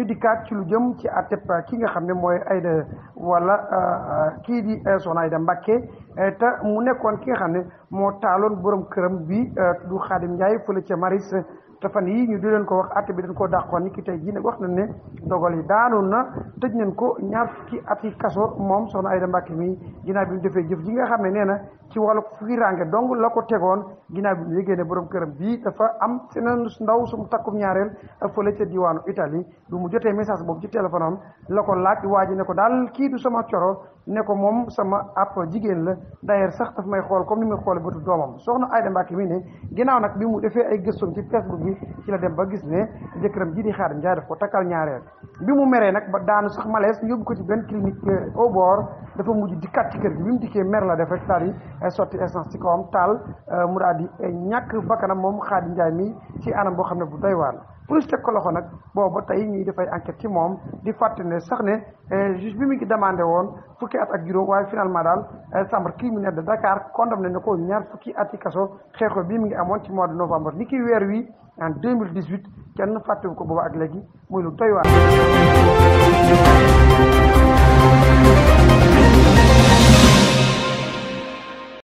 ñu dikkaat ci lu jëm ci àtteb euh, ki nga xam ne mooy ay Aida wala euh, euh, kii di Soxna Aida Mbacké te mu nekkoon ki nga xam ne moo taaloon borom këram bi euh, du Xaadim Njaay fële ca maris te fan yi ñu di leen ko wax àtte bi dañ koo dàqoon ni ki tey jii nag wax nañ ne dogal yi daanu na tëj nañ ko ñaar fukki ati kaso moom soxna Ayda Mbàkke mi ginnaaw bi mu defee jëf ji nga xam ne nee na ci wàllu firange donc la ko tegoon ginnaaw bi mu yëgee borom këram bii dafa am ndaw sumu takkum ñaareel fële ca diwaanu Italie du mu jotee message boobu ci téléphone am la ko laaj waa ji ne ko daal kii du sama coro ne ko moom sama app jigéen la d'ailleurs sax daf may xool comme ni muy xool bëtu doomam soxna Ayda Mbacke mi ne ginnaaw nag bi mu defee ay gëstoom ci Facebook bi ci la dem ba gis ne jëkkëram ji di xaar njaay def ko takkal ñaareel bi mu meree nag ba daanu sax malees ñu yóbbu ko ci benn clinique euh, au bord dafa mujj dikkaat ci kër gi bi mu dikkee mer la def rek daal di eh, sotti essence ci kawam taal eh, mu daal eh, ñàkk bakkanam moom Xaadi Njaay mi ci anam boo xam ne bu doy waar la police teg ko loxo nag boobu ba tey ñuy dafay enquête ci moom di fàtte ne sax ne juge bi mu ngi demandé woon fukki at ak juróom waaye finalement daal kii chambre criminelle de Dakar condamné na ko ñaar fukki ati kaso xeexoo bii mu ngi amoon ci mois de novembre ni ki weer wi en 2018 kenn fàttewu ko boobu ak léegi muy lu doy